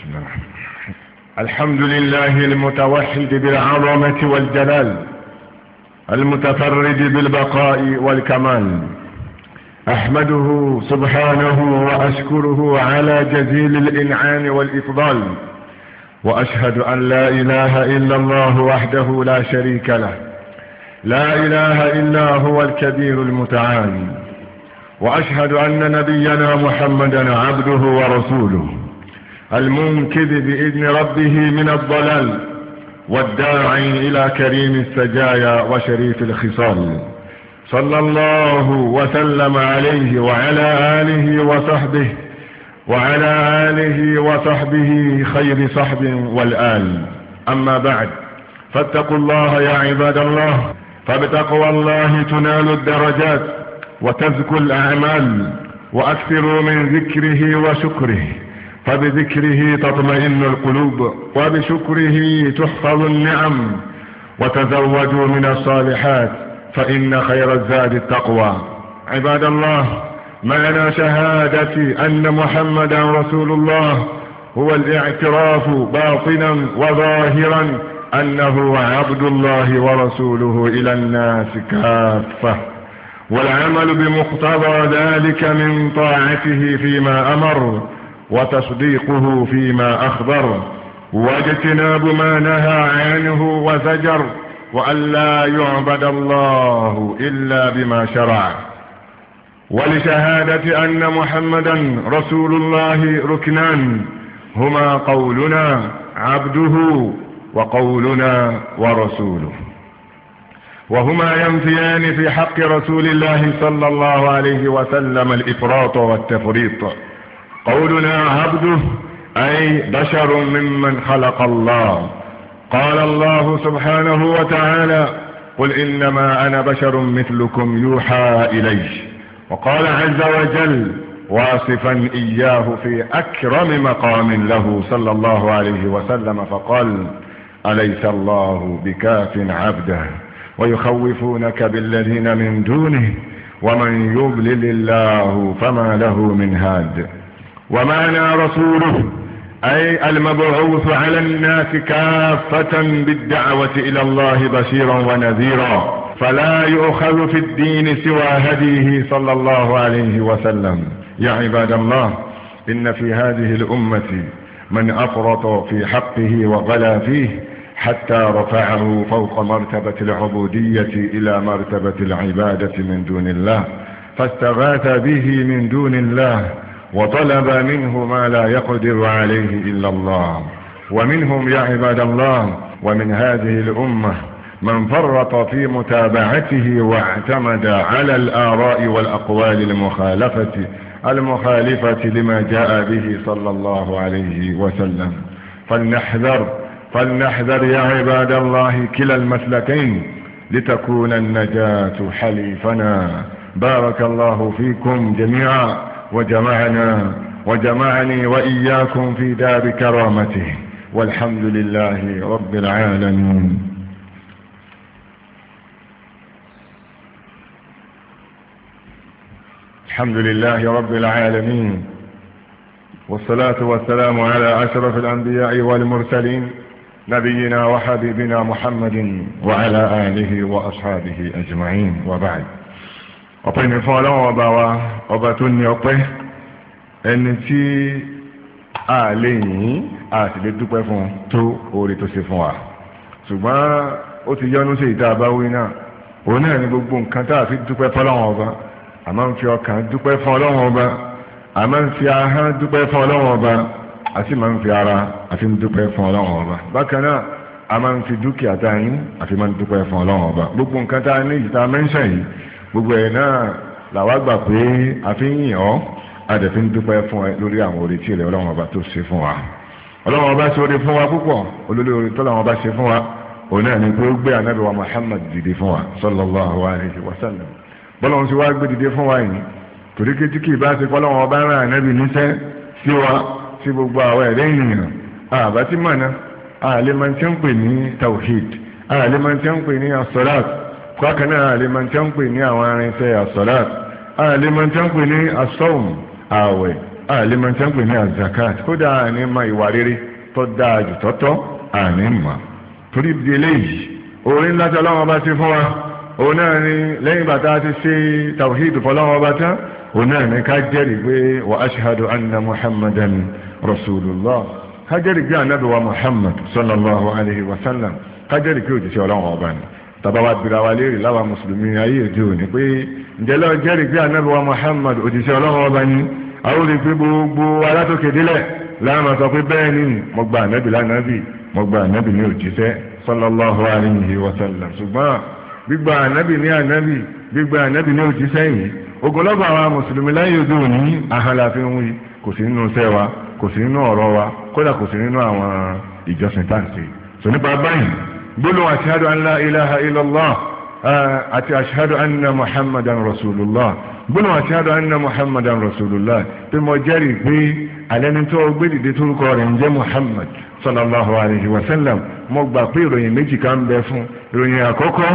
بسم الله الرحمن الرحيم الحمد لله المتوحد بالعظمة والجلال المتفرد بالبقاء والكمال أحمده سبحانه وأشكره على جزيل الإنعام والإفضال وأشهد أن لا إله إلا الله وحده لا شريك له لا إله إلا هو الكبير المتعال وأشهد أن نبينا محمدا عبده ورسوله المنكذ بإذن ربه من الضلال والداعي إلى كريم السجايا وشريف الخصال صلى الله وسلم عليه وعلى آله وصحبه وعلى آله وصحبه خير صحب والآل أما بعد فاتقوا الله يا عباد الله فبتقوى الله تنال الدرجات وتزكو الأعمال وأكثروا من ذكره وشكره فبذكره تطمئن القلوب وبشكره تحفظ النعم وتزودوا من الصالحات فإن خير الزاد التقوى عباد الله معنى شهادة أن محمدا رسول الله هو الاعتراف باطنا وظاهرا أنه عبد الله ورسوله إلى الناس كافة والعمل بمقتضى ذلك من طاعته فيما أمر وتصديقه فيما أخبر واجتناب ما نهى عنه وزجر وألا يعبد الله إلا بما شرع ولشهادة أن محمدا رسول الله ركنان هما قولنا عبده وقولنا ورسوله وهما ينفيان في حق رسول الله صلى الله عليه وسلم الإفراط والتفريط قولنا عبده أي بشر ممن خلق الله قال الله سبحانه وتعالى قل إنما أنا بشر مثلكم يوحى إلي وقال عز وجل واصفا إياه في أكرم مقام له صلى الله عليه وسلم فقال أليس الله بكاف عبده ويخوفونك بالذين من دونه ومن يضلل الله فما له من هاد ومعنى رسوله أي المبعوث على الناس كافة بالدعوة إلى الله بشيرا ونذيرا فلا يؤخذ في الدين سوى هديه صلى الله عليه وسلم يا عباد الله إن في هذه الأمة من أفرط في حقه وغلا فيه حتى رفعه فوق مرتبة العبودية إلى مرتبة العبادة من دون الله فاستغاث به من دون الله وطلب منه ما لا يقدر عليه إلا الله ومنهم يا عباد الله ومن هذه الأمة من فرط في متابعته واعتمد على الآراء والأقوال المخالفة المخالفة لما جاء به صلى الله عليه وسلم فلنحذر فلنحذر يا عباد الله كلا المسلكين لتكون النجاة حليفنا بارك الله فيكم جميعا وجمعنا وجمعني وإياكم في دار كرامته والحمد لله رب العالمين الحمد لله رب العالمين والصلاة والسلام على أشرف الأنبياء والمرسلين نبينا وحبيبنا محمد وعلى آله وأصحابه أجمعين وبعد ọpẹ́ ní fún ọlọ́wọ́n ọba wa ọba tó ní ọpẹ́ ẹni tí a lè yìn a sì lè dúpẹ́ fún tó oore tó ṣe fún wa ṣùgbọ́n ó ti yọ́nú sí ìta àbáwí náà òun náà ni gbogbo nǹkan tá a fi dúpẹ́ fọlọ́wọ́n ọba a máa ń fi ọkàn dúpẹ́ fún ọlọ́wọ́n ọba a máa ń fi ahọ́n dúpẹ́ fún ọlọ́wọ́n ọba a sì máa ń fi ara àfi ń dúpẹ́ fún ọlọ́wọ́n ọba bákan náà a máa ń fi dúkìá tá a ní àfi máa ń dúpẹ́ fún ọlọ́wọ́n ọba gbogbo nǹkan tá a ní ìta mẹ́ńṣẹ̀ yìí gbogbo ẹ̀ náà làwa gbà pé àfihàn ọ́ adẹ̀fín dúpẹ́ fún ẹ lórí àwọn orí tí ilẹ̀ ọlọ́run ọba tó ṣe fún wa ọlọ́run ọba ṣe orí fún wa púpọ̀ olórí orí tọ́lọ́run ọba ṣe fún wa òun náà ni pé ó gbé ànábì wa Muhammad dìde fún wa sallallahu alaihi wa sallam bọ́lọ́run ṣe wá gbé dìde fún wa yìí torí kí tí bá ṣe pọ́lọ́run ọba rán ànábì níṣẹ́ sí wa sí gbogbo àwọn ẹ̀rẹ́ ènìyàn àbátí mọ̀nà àlẹ́ máa ń tẹ́ ń pè ní tawhid àlẹ́ máa ń tẹ́ ń pè ní as bákan náà àlèmọ̀ tí wọ́n pè ní àwọn arinṣẹ́ àsọ̀láàt àlèmọ̀ tí wọ́n pè ní asọ́ọ̀m ààwẹ̀ àlèmọ̀ tí wọ́n pè ní azakat kódà àní ma ìwà rere tó dáa jù tọ́tọ́ àní ti fún wa òun náà ni lẹ́yìn bàtà ti ṣe tawhid fọlọ́wọ́n bá tán òun náà ni ká jẹ́rìí pé wa ashhadu anna muhammadan rasulullah ká jẹ́rìí pé ànábì wa muhammad sallallahu alayhi wa sallam ká jẹ́rìí pé òjìṣẹ́ ọlọ́wọ́n ọba ni tàbá wa bìrà wa léèrè láwa mùsùlùmí ayé èdè òní pé ǹjẹ́ lọ́ọ́ jẹ́rìí pé anábìwá Muhammad òjíṣẹ́ ọlọ́run ọba ni àwọn olè pé gbogbo alátòkè délẹ̀ láàmà sọ pé bẹ́ẹ̀ ni mo gba ànábì lánàbì mo gba ànábì ní òjíṣẹ́ sallallahu alayhi wa sallam ṣùgbọ́n gbígba ànábì ní ànábì gbígba ànábì ní òjíṣẹ́ yìí ogunlọ́gbà àwa mùsùlùmí láyé òde òní ahàlàfin wí kò sí nínú iṣẹ́ wa kò sí nínú ọ̀rọ̀ wa kódà kò sí nínú àwọn ìjọsìn táǹsì sọ nípa báyìí gbólóhùn ashhadu an la ilaha illallah àti ashhadu anna muhammadan rasulullah gbólóhùn ashhadu anna muhammadan rasulullah pé mo jẹ́rìí pé alẹ́ni tó gbé dìde tó kọ rẹ̀ ń jẹ́ muhammad sallallahu alayhi wa sallam mo gbà pé ìròyìn méjì kan bẹ fún ìròyìn àkọ́kọ́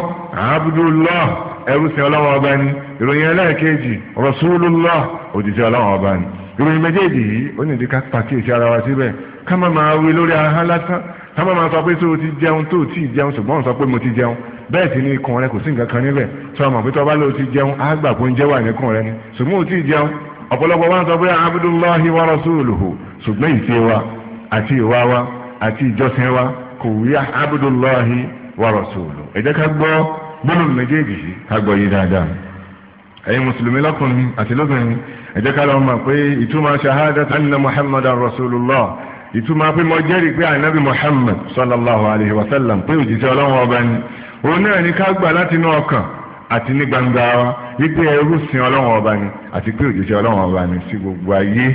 abdullah ẹrú sí ọlọ́wọ́ ọba ni ìròyìn ẹlẹ́ẹ̀kejì rasulullah òjìṣẹ́ ọlọ́wọ́ ọba ni ìròyìn méjèèjì yìí ó nìdí ká pàkíyèsí ara wa síbẹ̀ ká má máa wí lórí ahọ́n lásán kámọ́ máa sọ pé tó o ti jẹun tó o ti jẹun ṣùgbọ́n sọ pé mo ti jẹun bẹ́ẹ̀ sì ni ikùn rẹ kò sí nǹkan kan níbẹ̀ tí wọ́n mọ̀ pé tọ́ba ló ti jẹun á gbà pé oúnjẹ wà níkùn rẹ ni ṣùgbọ́n o ti jẹun ọ̀pọ̀lọpọ̀ wa ń sọ pé abdullahi wa rasuluhu ṣùgbọ́n ìṣe wa àti ìwà wa àti ìjọsìn wa kò wí abdullahi wa rasuluhu ẹ jẹ́ ká gbọ́ gbólóhùn méjèèjì ká gbọ́ yìí dáadáa ẹ̀yin mùsùlùmí lọ́kùnrin àti lóbìnrin ẹ jẹ́ ká lọ́ọ́ ìtumọ̀ pé mo jẹ́rìí pé ànábì Muhammad sallallahu alayhi wa sallam pé òjìṣẹ́ ọlọ́run ọba ni òun náà ní ká gbà láti inú ọkàn àti ní gbangba wa wípé ẹrú sin ọlọ́run ọba ni àti pé òjìṣẹ́ ọlọ́run ọba ni sí gbogbo ayé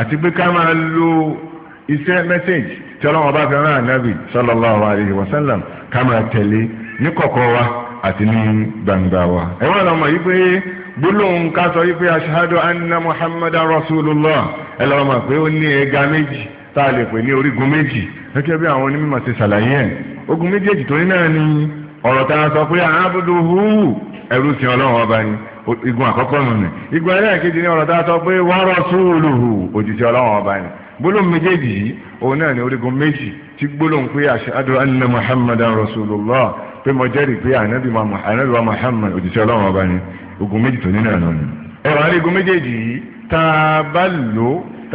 àti pé ká máa lo iṣẹ́ mẹ́sẹ̀gì tí ọlọ́run ọba fi rán ànábì sallallahu alayhi wa sallam ká máa tẹ̀lé ní kọ̀kọ̀ wa àti ní gbangba wa. ẹ wọ́n lọ́mọ yìí pé gbólóhùn ká sọ yìí pé anna Muhammadan rasulullah ẹ lọ́mọ tá a lè pè ní orígun méjì gẹ́gẹ́ bí àwọn onímọ̀ ti ṣàlàyé ẹ̀ ogun méjèèjì tó ní náà ni ọ̀rọ̀ tá a sọ pé àábùdó húù ẹrú sin ọlọ́run ọba ni igun àkọ́kọ́ nù ní igun ẹlẹ́ẹ̀kejì ní ọ̀rọ̀ tá a sọ pé wọ́n rọ súúlù hù òjìṣẹ́ ọlọ́run ọba ni gbólóhùn méjèèjì yìí òun náà ni orígun méjì tí gbólóhùn pé ashadu anna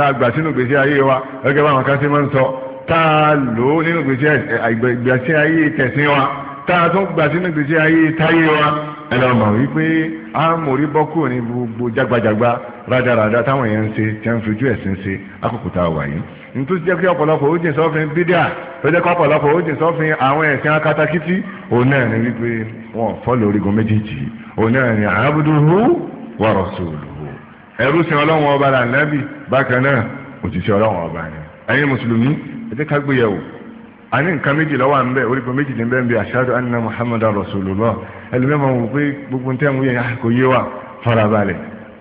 tá a gbà sínú ìgbésí ayé wa gẹ́gẹ́ báwọn kan ṣe máa ń sọ tá a lò ó nínú ìgbésí ayé tẹ̀sìn wa tá a tún gbà sínú ìgbésí ayé táyé wa ẹ lọ mọ̀ wípé a ń mórí bọ́ kúrò ní gbogbo jágbajàgba rádaràda táwọn èèyàn ń ṣe tí wọ́n ń fojú ẹ̀sìn ṣe àkókò tá a wà yìí nítorí jẹ́ kí ọ̀pọ̀lọpọ̀ ó jìn sọ́fin bídíà tó jẹ́ kí ọ̀pọ̀lọpọ̀ ó jìn sọ́fin àwọn ẹ̀sìn akátakítí òun náà ni wípé wọn fọ́ lórí gun méjèèjì òun náà ni àbúdúhù wa rasuluhu ẹrú sin ọlọ́run ọba là nábì bákan náà òṣìṣẹ́ ọlọ́run ọba ni ẹ̀yin mùsùlùmí ẹ jẹ́ ká gbéyẹ̀wò a ní nǹkan méjì lọ́wọ́ à ń bẹ̀ orí kan méjì ní bẹ́ẹ̀ ń bẹ ashadu anna muhammadan rasulullah ẹlòmíràn máa wò pé gbogbo tẹ́ ń wúyẹn kò yé wa farabalẹ̀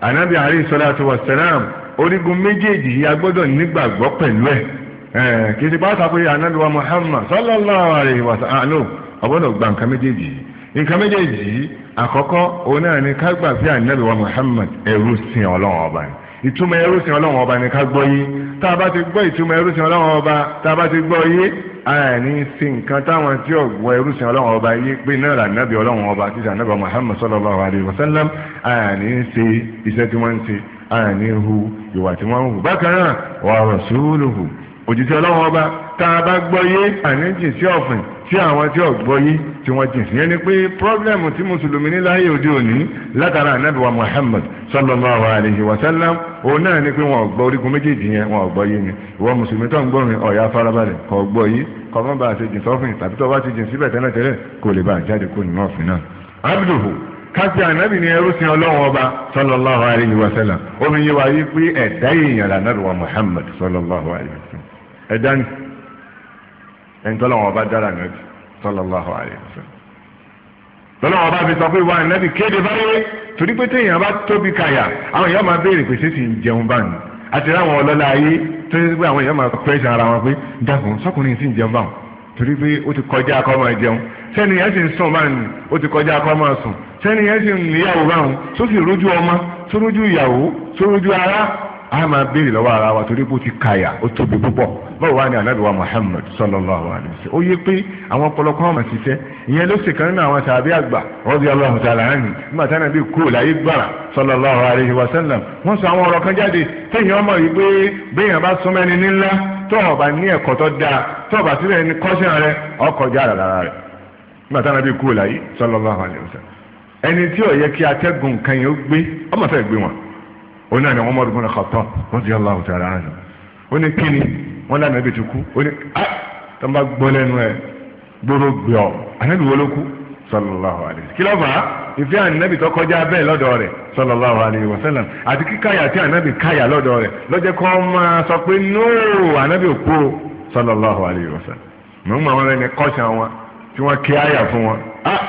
anabi alayhi salatu wa salam orígun méjèèjì yìí a nígbàgbọ́ pẹ̀lú ẹ̀ kì í ṣe pàtàkì pé anabi wa muhammad sallallahu alayhi wa sallam ọgbọ́dọ̀ gba nǹkan méjèèjì yìí nǹkan méjèèjì yìí àkọ́kọ́ òun náà ni ká gbà sí ànábì wa Muhammad ẹrú sin ọlọ́run ọba ni ìtumọ̀ ẹrú sin ọlọ́run ọba ni ká gbọ́ yé tá a bá ti gbọ́ ìtumọ̀ ẹrú sin ọlọ́run ọba tá a bá ti gbọ́ yé àní sí nǹkan táwọn tí ọ̀gbọ́n ẹrú sin ọlọ́run ọba yé pé náà là nábì ọlọ́run ọba títí ànábì Muhammad sallallahu alayhi wa sallam àní ṣe iṣẹ́ tí wọ́n ń ṣe àní hu ìwà tí wọ́n ń hù bákan náà wà rasuluhu tí àwọn tí ọ̀gbọ́ yìí tí wọ́n jìn sí yẹn ni pé pírọ́blẹ́mù tí mùsùlùmí ní láyé òde òní látara anábìwá Muhammad sallallahu alayhi wa sallam òun náà ni pé wọn ọ̀gbọ́ orígun méjèèjì yẹn wọn ọ̀gbọ́ yìí ni ìwọ mùsùlùmí tó ń gbọ́rin ọ̀yà farabalẹ̀ kò ọ̀gbọ́ yìí kọ́mọ́ bá a ṣe jìn sọ́fìn tàbí tó bá ti jìn síbẹ̀ tẹ́lẹ̀ tẹ́lẹ̀ kò lè bá a jáde kó nínú ọ̀fìn náà. abduhu kájí ni ẹrú sin ọlọ́run ọba sallallahu alayhi wa sallam omi yẹ wáyé pé ẹ̀dá èèyàn lànà rẹ̀ wa Muhammad sallallahu alayhi wa sallam ẹ̀dá ni ẹni tọ́lọ̀ wọn bá dára nàbì sallallahu alaihi wasallam tọ́lọ̀ wọn bá fi sọ pé wà nàbì kéde báyé torí pé téèyàn bá tóbi kàyà àwọn èèyàn máa béèrè pé sísì ń jẹun báyìí àti láwọn ọlọ́lá ayé tó ṣe pé àwọn èèyàn máa pẹ́ṣẹ̀ ara wọn pé dákun sọkùnrin sì ń jẹun báyìí torí pé ó ti kọjá akọ́ máa jẹun sẹ́ni yẹn sì ń sùn báyìí ó ti kọjá akọ́ máa sùn sẹ́ni yẹn sì ń níyàwó báyìí tó rójú ọmọ tó ìyàwó tó rójú a máa béèrè lọ́wọ́ ara wa torí pé ó ti kàyà ó tóbi púpọ̀ báwo wá ní ànábì wa Muhammad sallallahu alayhi wa sallam ó yẹ pé àwọn ọ̀pọ̀lọpọ̀ ọmọ ṣiṣẹ́ ìyẹn ló ṣe kan nínú àwọn sàbí àgbà radiyallahu ta'ala anhu nígbà tí ànábì kúrò láyé gbàrà sallallahu alayhi wa sallam wọ́n sọ àwọn ọ̀rọ̀ kan jáde téèyàn ọmọ yìí pé béèyàn bá súnmọ́ ẹni ńlá tọ́ọ̀ bá ní ẹ̀kọ́ tó dáa tọ́ọ̀ bá oní àná Umar ibn Khattab radiyallahu ta'ala anhu ó ní kíni wọ́n lànà ibi tó kú ó ní á ah! tó ń bá gbọ́ lẹ́nu ẹ̀ gbóró gbé ọ ànábì wo ló kú sallallahu alayhi kí ló máa ìfẹ́ ànábì tó kọjá bẹ́ẹ̀ lọ́dọ̀ rẹ̀ sallallahu alayhi wa sallam àti kíkáyà tí ànábì káyà lọ́dọ̀ rẹ̀ lọ́jẹ́ kọ́ máa sọ pé nóò ànábì òkú o sallallahu alayhi wa sallam mọ̀ ń mọ̀ wọn lẹ́ni wọn tí wọ́n kí àyà fún wọn á ah!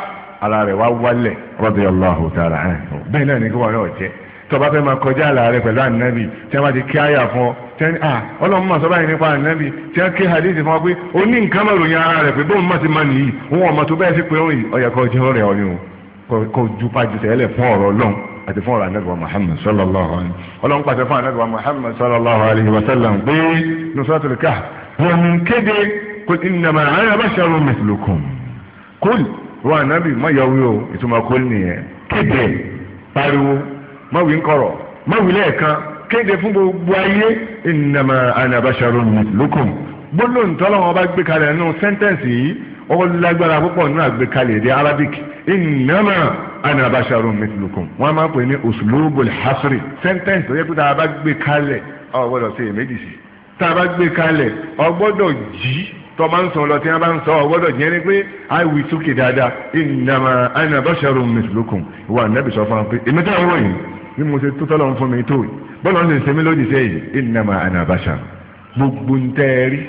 ara rẹ̀ wá wálẹ̀ radiyallahu ta'ala anhu bẹ́ẹ̀ náà ni kí wọ́n náà jẹ́ tọba fẹ́ máa kọjá àlà rẹ pẹ̀lú ànábì tí wọ́n bá ti kí àyà fún ọ tẹ́ni à ọlọ́run mọ̀ sọ́bàá yìí nípa ànábì tí wọ́n kí hadith fún ọ pé ó ní nǹkan mọ̀ ròyìn ara rẹ̀ pé bóun mọ̀ ti máa nìyí òun ọmọ tó bẹ́ẹ̀ sí pé òun ọ̀yà kọ́ jẹ́ rẹ̀ ọ̀yún kò ju pàjù tẹ́lẹ̀ fún ọ̀rọ̀ ọlọ́run àti fún ọ̀rọ̀ ànábì wa Muhammad sallallahu alayhi ọlọ́run pàṣẹ fún ànábì wa Muhammad sallallahu alayhi wa sallam pé nusratul wọn kéde kò innama ana basharun mithlukum kúl wọn ànábì má yọ wí o ìtumọ̀ kúl nìyẹn kéde pariwo máwìí ńkọ̀rọ̀ máwìí lẹ́ẹ̀kan kéde fún gbogbo ayé innama ana basharun mithlukum gbólóhùn tọ́lọ́wọ́n bá gbé kalẹ̀ nínú sẹ́ńtẹ́ǹsì yìí ó lágbára púpọ̀ nínú àgbékalẹ̀ èdè Arabic innama ana basharun mithlukum wọ́n máa ń pè ní uslubul hasri sẹ́ńtẹ́ǹsì tó yẹ kó tá a bá gbé kalẹ̀ ó gbọ́dọ̀ ṣe èméjì sí tá a bá gbé kalẹ̀ ó gbọ́dọ̀ jí tọ́ máa ń sọ lọ tí wọ́n bá ń sọ ọ̀gbọ́dọ̀ jẹ́ ni pé àìwì sókè dáadáa innama ana basharun mithlukum ìwà fún wa pé èmi táwọn wọ̀nyí bí mo ṣe tó tọ́lọ̀ fún mi tó bọ́lá ń lè ṣe mí lódì sẹ́yìn innama ana bashar gbogbo ń tẹ́ ẹ rí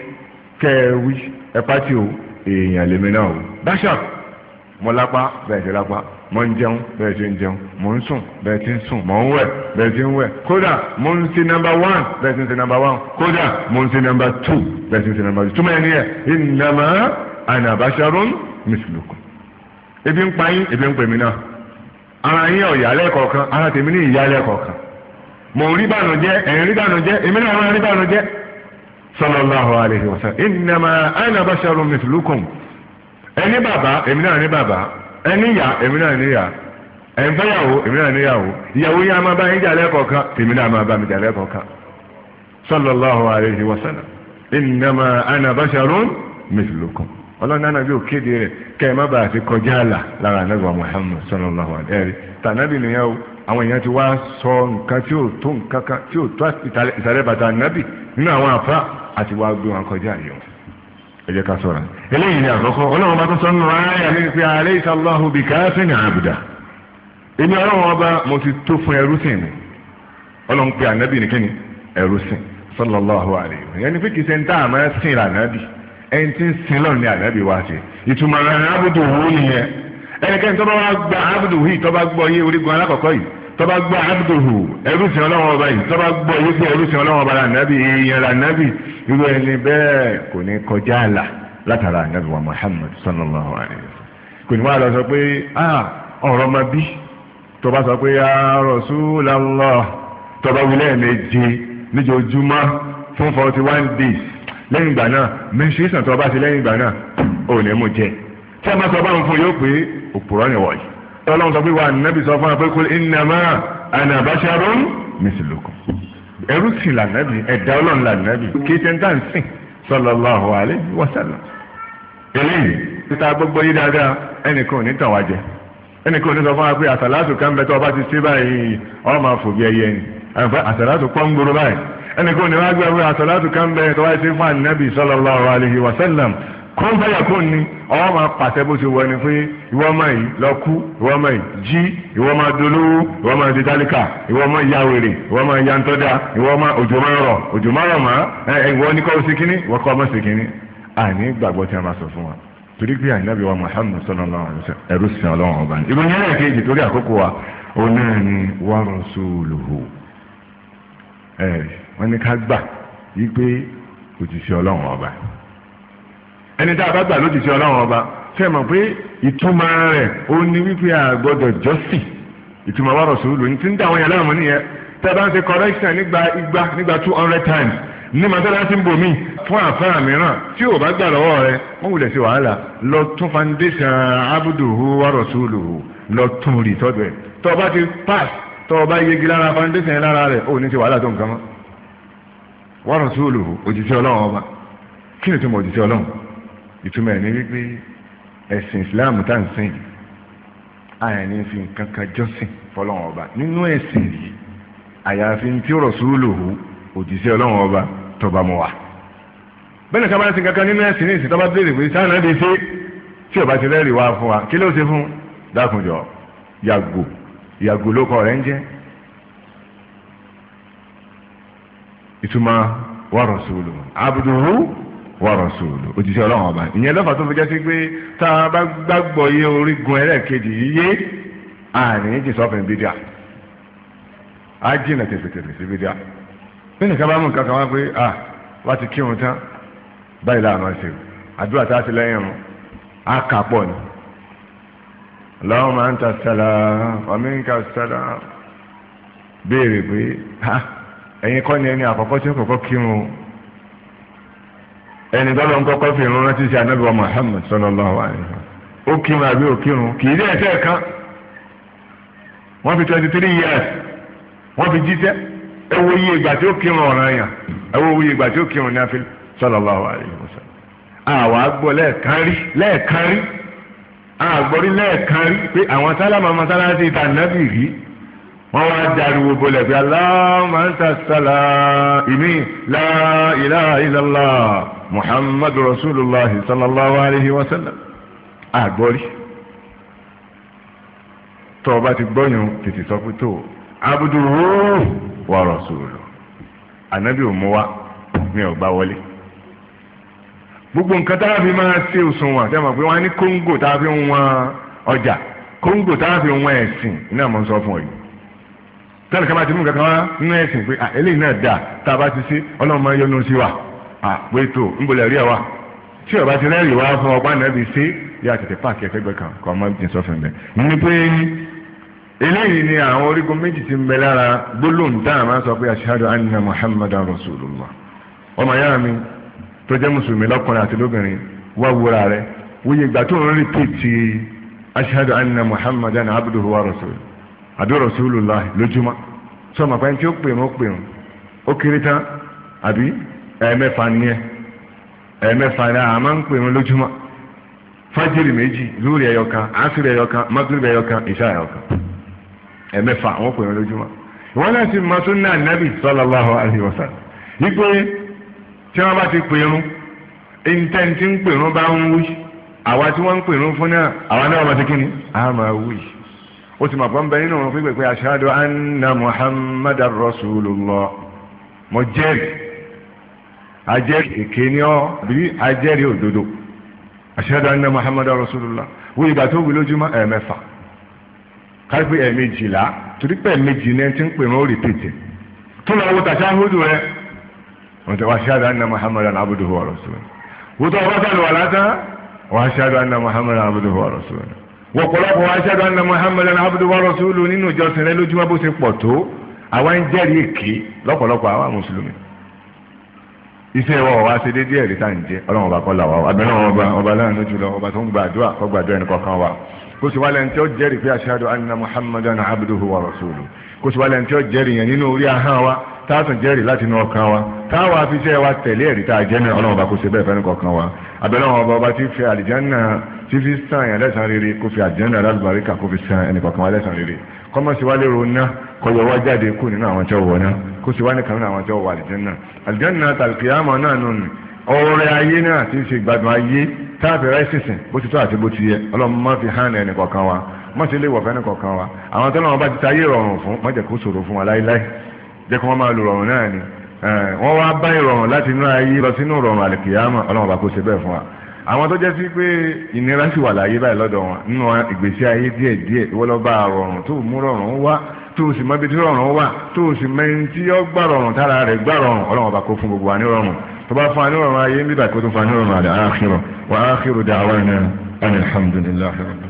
kẹ́ ẹ wí ẹ pátì o èèyàn lèmi náà o bashar mo lápá bẹ́ẹ̀ ṣe lápá mo ń jẹun bẹ́ẹ̀ ṣe ń jẹun mo ń sùn bẹ́ẹ̀ ti ń sùn mo ń wẹ̀ bẹ́ẹ̀ ti ń wẹ̀ kódà mo ń ṣe nọmba wán bẹ́ẹ̀ ti ń ṣe nọmba wán kódà mo ń ṣe nọmba tù bẹ́ẹ̀ ti ń ṣe nọmba tù túmọ̀ ẹni ẹ̀ innama ana basharun mislukum ebi ń pa yín ebi ń pè mí náà ara yín ọ̀yálẹ̀ kọ̀ọ̀kan ara tèmi ní ìyálẹ̀ kọ̀ọ̀kan mò ń rí bànújẹ́ ẹ̀ ń rí bànújẹ́ èmi náà máa rí bànújẹ́ sallallahu alaihi wasallam innama ana basharun mithlukum ẹni bàbá èmi náà ní bàbá ẹni ìyá èmi náà ní ìyá ẹ̀ èmi náà ní ìyàwó ìyàwó yín a máa bá yín jàlẹ̀ kọ̀ọ̀kan tèmi náà máa bá mi jàlẹ̀ kọ̀ọ̀kan ọlọ́run náà bí òkéde rẹ̀ kẹ́ ẹ má bàa ti kọjá àlà lára anábì Muhammad sallallahu alaihi ẹ̀rí tànábì nìyẹn o àwọn èèyàn ti wá sọ nǹkan tí ò tó nǹkan kan tí ò tó ìsàlẹ̀ bàtà nábì nínú àwọn àfa àti wá gbé wọn kọjá àyọ̀ ẹ jẹ́ ká sọ̀rọ̀ eléyìí ni àkọ́kọ́ ọlọ́run bá tó sọ nù ayà mi pé alaysa Allahu bi kafin abda èmi ọlọ́run ọba mo ti tó fún ẹrú mi ọlọ́run pé ànábì nìkẹ́ni ẹrú sìn sallallahu alaihi yẹn ni pé kìí ẹni tí ń sin lọ́run ní ànábì wa ṣe ìtumọ̀ abudu hu nìyẹn ẹnikẹ́ni tó bá wá gba abudu hu tó bá gbọ́ yé orígun alákọ̀ọ́kọ́ yìí tó bá gba abudu hu ẹrú sin ọlọ́wọ́n ọba yìí tó bá gbọ́ yé pé ẹrú sin ọlọ́wọ́n ọba lànàbì èèyàn lànàbì irú ẹni bẹ́ẹ̀ kò ní kọjá àlà látara ànábì wa Muhammad sallallahu alayhi wa sallam kò ní wá lọ sọ pé ọ̀rọ̀ ma bí tó bá sọ pé ya Rasulullah tó bá wí lẹ́ẹ̀mejì níjojúmọ́ fún forty lẹ́yìn ìgbà náà menstruation tó bá ṣe lẹ́yìn ìgbà náà ò ní mú jẹ tí a bá sọ báwọn fún yóò pé òpùrọ́ ni wọ̀nyí ọlọ́run sọ pé wà nẹ́bí sọ fún wa pé kul innama ana basharun mislukum ẹrú sì lànàbì ẹ̀dá ọlọ́run lànàbì kí tẹ́ntàn sìn sallallahu alayhi wa sallam eléyìí títa gbogbo yìí dáadáa ẹnìkan ò ní tàn wá jẹ ẹnìkan ò ní sọ fún wa pé àsàlátù kan bẹ tó ọba ti ṣe báyìí ọmọ ẹnìkan ní wàá gbàgbé àsàlátù kan bẹ tó wáyé sí fún ànábì sallallahu alaihi wasallam kún fẹ́yà kún ni ọwọ́ máa pàṣẹ bó ṣe wọ ẹni pé ìwọ ọmọ yìí lọ kú ìwọ ọmọ yìí jí ìwọ ọmọ dolówó ìwọ ọmọ dídálíkà ìwọ ọmọ ya wèrè ìwọ ọmọ ya ntọ́dá ìwọ ọmọ òjò máa rọ̀ òjò máa rọ̀ mọ́ ẹ ìwọ ní kọ́ sí kínní ìwọ kọ́ ọmọ sí torí pé ànábì wa Muhammad sallallahu alaihi wasallam ẹrú sin ọlọ́run ọba ni ìròyìn ẹlẹ́ẹ̀kejì torí àkókò wa onáà ni wa rasuluhu ẹ̀rí wọ́n ní ká gbà yí pé òjìṣẹ́ ọlọ́run ọba ẹni tá a bá gbà lójìṣẹ́ ọlọ́run ọba ṣe mọ̀ pé ìtumọ̀ rẹ̀ ó ní wípé àgbọ̀dọ̀ jọ́sìn ìtumọ̀ wa Rasulu ní ti ń dà àwọn yẹn láàmú nìyẹn tá a bá ń ṣe correction nígbà igba nígbà two hundred times ní mọ́tàlásí ń fún àfáà mìíràn tí ò bá gbà lọ́wọ́ rẹ wọ́n wulẹ̀ sí wàhálà lọ tún foundation abuduhu wa rasuluhu lọ tún rí tọ́jú ẹ̀ tọ́ ọba ti pass tọ́ ọba yegi lára foundation lára rẹ̀ ò ní ti wàhálà tó nǹkan mọ́ wa rasuluhu òjíṣẹ́ ọlọ́run ọba kí ni ìtumọ̀ òjíṣẹ́ ọlọ́run ìtumọ̀ ẹ̀ ní wípé ẹ̀sìn islam tá n sìn àyànní fi nǹkan kan jọ́sìn fọlọ́run ọba nínú ẹ̀sìn yìí àyàfi tí rasuluhu òjíṣẹ́ ọlọ́run ọba tọba mọ́ wa bẹ́ẹ̀ ká bá ń sin kankan nínú ẹ̀sìn ní ìsìn tọ́ba béèrè pé sáà náà lè ṣe tí ọba ti rẹ́rìí wá fún wa kí ló ṣe fún dákunjọ yàgò yàgò ló kọ rẹ̀ ń jẹ́ ìtumọ̀ wa rasuluhu abduhu wa rasuluhu òjíṣẹ́ ọlọ́run ọba ìyẹn lọ́fà tó fi jẹ́ sí pé tá a bá gbàgbọ́ yé orígun ẹlẹ́ẹ̀kejì yíyé àní jì sọ́fìn bídíà á jìnà tẹ̀fẹ̀tẹ̀fẹ̀ sí bídíà nínú ìka bá mú nǹkan kan wá pé à wá ti kírun tán báyìí láàánú ẹsẹ̀ àdúrà tá a ti lẹ́yìn mu á kà pọ̀ ni. Allahumma anta salam wa minka salam béèrè pé ha ẹ̀yin kọ́ ni ẹni àkọ́kọ́ tí ó kọ́kọ́ kírun ẹni tọ́lọ́ ń kọ́kọ́ fi ìrun rántí sí anábìwá Muhammad sallallahu alaihi wasallam ó kírun àbí ò kírun kì í dé ẹsẹ̀ kan wọ́n fi twenty three years wọ́n fi jíṣẹ́ ẹ wo iye ìgbà tí ó kírun ọ̀ràn yàn ẹ wo iye ìgbà tí ó kírun ní afi sallallahu alaihi wasallam àwa gbọ́ lẹ́ẹ̀kan rí lẹ́ẹ̀kan rí àgbọ̀rí lẹ́ẹ̀kan rí pé àwọn sálámà masalasi ìtànàbì rí wọ́n wá dariwo bolẹ̀ pé Allahumma anta salam ìmí la ilaha illallah muhammadu rasulullah sallallahu alayhi wa sallam àgbọ́rí tó bá ti gbọ́yàn tètè sọ pé tó abduhu wa rasuluhu ànábì ò mú wá mi ò bá wọlé gbogbo nǹkan tá a fi máa ṣe òṣùwọ̀n tẹ́ mọ̀ pé wọ́n á ní kóńgò tá a fi ń wọn ọjà kóńgò tá a fi ń wọn ẹ̀sìn iná mọ̀ ń sọ fún ọ yìí tẹ́lẹ̀ kí a bá ti mú kankan wá nínú ẹ̀sìn pé eléyìí náà dà tá a bá ti sí ọlọ́run máa yọ́nú sí wa pé tó ń bolẹ̀ rí ẹ wa tí ọba ti rẹ́rìí wá fún ọgbà náà bí sí yá tètè páàkì ẹ̀kẹ́gbẹ́ kan kọ́ ọmọ ìjìn sọ́fìn bẹ́ẹ̀. ní pé eléyìí ni àwọn orígun méjì ti ń bẹ lára gbólóhùn dáhà máa sọ pé ashhadu anna muhammadan rasulullah ọmọ yára mi tó jẹ́ mùsùlùmí lọ́kùnrin àti lóbìnrin wá wúra rẹ̀ wúyẹ ìgbà tó ń rí pètì anna muhammadan abduhu àbí Rasulullah lójúmọ́ sọ ma pẹ́ntì ó pèrún ó pèrún ó kéré tán àbí ẹ̀ẹ̀mẹ́fà ni ẹ ẹ̀ẹ̀mẹ́fà ni àmọ́ ń pèrún lójúmọ́ fájìrì méjì lórí ẹ̀yọkan àásìrì ẹ̀yọkan mọ́tòrì ẹ̀yọkan ìṣá ẹ̀yọkan ẹ̀ẹ̀mẹ́fà àwọn pèrún lójúmọ́ ìwọ́n náà ti mọ sunna Nabi sallallahu alaihi wípé tí bá ti pèrún intanet ń pèrún bá ń wí àwa tí ń pèrún fún náà àwa náà ti wí ó ti mọ̀ pọ́n bẹ nínú òun pípẹ́ pé ashhadu anna muhammadar rasulullah mo jẹ́rìí ajẹ́rìí èké ni ọ́ àbí ajẹ́rìí òdodo ashhadu anna muhammadar rasulullah wo ìgbà tó wí lójúmọ́ ẹ̀ẹ̀mẹ́fà kárípé ẹ̀ẹ̀mejìlá torí pé ẹ̀ẹ̀mejì ni ẹ ti ń pè mọ́ òrì tètè tó lọ wo tàṣáhùdù rẹ wọ́n ti wá ashhadu anna muhammadan abduhu wa tó wọ́n bá sàlùwà látàn wọ́n ashhadu anna wọ̀pọ̀lọpọ̀ wa ṣẹ́dọ̀ ẹ̀nà Muhammad ẹ̀nà abdu wa rasulu nínú ìjọsìn rẹ lójúmọ́ bó ṣe pọ̀ tó àwa ń jẹ́rìí èké lọ́pọ̀lọpọ̀ àwa mùsùlùmí iṣẹ́ wa wa ṣe déédéé ẹ̀rí tá à ń jẹ́ ọlọ́run ọba kọ́ là wá abẹ́rẹ́ wọn ọba ọba láàánú jùlọ ọba tó ń gbàdúrà kọ́ gbàdúrà ẹnì kọ̀ọ̀kan wa kó sì wá lẹ́ni ó jẹ́rìí pé ashhadu anna Muhammadan abduhu wa rasuluhu kó sì wá lẹ́ni ó jẹ́rìí yẹn nínú orí ahọ́n wa táàsùn jẹ́rìí láti inú ọkàn wa táwọn afiṣẹ́ wa tẹ̀lé ẹ̀rí tá a jẹ́ náà ọlọ́run bá kó ṣe bẹ́ẹ̀ fẹ́ni kọ̀ọ̀kan wa abẹ́lẹ́ wọn ọba ọba tí fi àlìjánà tí fi sàn yàn lẹ́sàn rere kó fi àlìjánà alábàríkà kó fi sàn ẹnì kọ̀ọ̀kan wa lẹ́sàn rere kọ́mọ̀ sí wa lérò ná kọyọ wá jáde kú nínú àwọn tí ó wọ̀ náà kó sì wá ní kàmínú àwọn tí ó wọ àlìjánà àlìjánà tàlùkìyàmọ̀ náà nù ní ọrẹ ayé náà tí ṣe gbádùn ayé táàfẹ́ rẹ́ sísìn bó ti tó àti bó ti yẹ ọlọ́run má fi hàn ẹnì kọ̀ọ̀kan wa má ti lè wọ̀fẹ́ ẹnì kọ̀ọ̀kan wa àwọn tọ́lọ́run bá ti ta ayé rọrùn fún má jẹ́ kó ṣòro fún wa láéláé jẹ́ kí wọ́n máa lo rọrùn náà ni wọ́n wá bá ìrọ̀rùn láti inú ayé lọ sínú ìrọ̀rùn àlìkìyàmọ̀ ọlọ́run bá kó ṣe bẹ́ẹ̀ fún wa àwọn tó jẹ́ sí pé ìnira sì wà láyé báyìí lọ́dọ̀ wọn nínú ìgbésí ayé díẹ̀ díẹ̀ ìwọ́n lọ bá rọrùn tó mú rọrùn wá tó sì mọ ibi tí rọrùn wà tó sì mẹ́rin tí ó gbà rọrùn tára rẹ̀ gbà rọrùn ọlọ́run bá kó fún gbogbo wa ní rọrùn tó bá fún wa ní rọrùn ayé ń